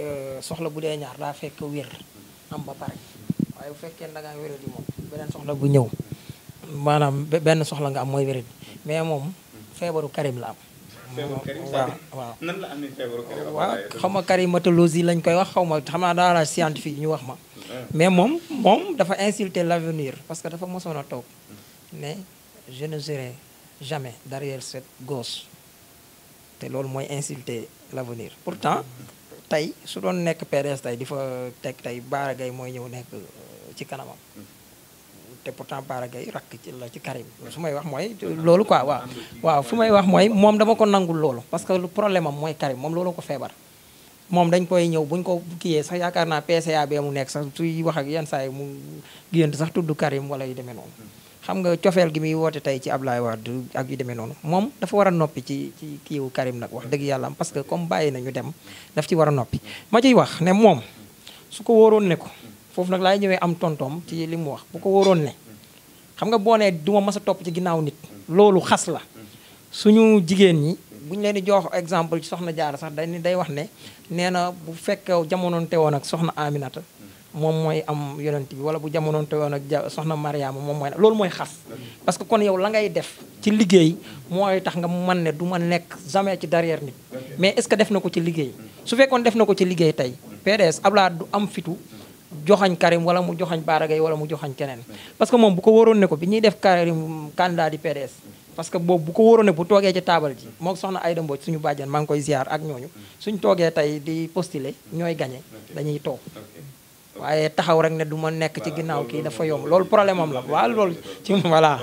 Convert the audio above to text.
Eh, soxla bu dee ñaar daa fekk wér am ba pare waaye bu fekkee ne da moom beneen soxla bu ñëw maanaam benn soxla nga am mooy wéradi mais moom feebaru Karim la am. feebaru Karim waaw waaw. nan karimatologie lañ koy wax xaw ma xam naa daal scientifique ñu wax ma. mais moom moom dafa insulter l'avenir parce que dafa mosoon a toog ne je ne serai jamais derrière cette gosse te loolu mooy insulter l'avenir pourtant. tey su doon nekk PDS tey di fa teg tey Bara Gaye mooy ñëw nekk uh, ci kanamam. Mm-hmm. te pourtant Bara Gaye rakk ci la ci Karim mm-hmm. su may wax mooy mm-hmm. uh, loolu ko waaw waaw fu may wax mooy moom dama ko nangul loolu parce que lu problème am mooy Karim moom loolu ko feebar moom dañ koy ñëw buñ ko kiyee sax yaakaar naa PCA bee mu nekk sax suy wax ak yenn saa yi mu gént sax tudd Karim wala yu demee noonu xam nga cofeel gi muy woote tey ci ab Ablaye du ak yu demee noonu moom dafa war a noppi ci ci kiiwu Karim nag wax dëgg yàlla parce que comme bàyyi nañu dem daf ci war a noppi ma ciy wax ne moom su ko wóoroon ne ko foofu nag laay ñëwee am tontoom ci li mu wax bu ko wóoroon ne xam nga boo nee du ma mës a topp ci ginnaaw nit loolu xas la suñu jigéen ñi bu ñu leen di jox exemple ci soxna Jaara sax day day wax ne nee na bu fekk jamonoon woon ak soxna Aminata moom mooy am yonent bi wala bu jamonoon te woon ak soxna Mariama moom mooy loolu mooy xas parce que kon yow la ngay def ci liggéey mooy tax nga man ne du ma nekk jamais ci derrière nit mais est ce que def na ko ci liggéey su fekkoon def na ko ci liggéey tey PDS Abdoulaye du am fitu joxañ Karim wala mu joxañ Bara Gaye wala mu joxañ keneen parce que moom bu ko waroon ne ko bi ñuy def Karim candidat di PDS parce que boobu bu ko wóoroon ne bu toogee ci taabal ji moo soxna Ayda Mbodj suñu bàjjan maa ngi koy ziar ak ñooñu suñ toogee tey di postuler ñooy gagné dañuy toog waaye taxaw rek ne du ma nekk ci ginnaaw kii dafa yomb loolu problème am la waaw loolu ci voilà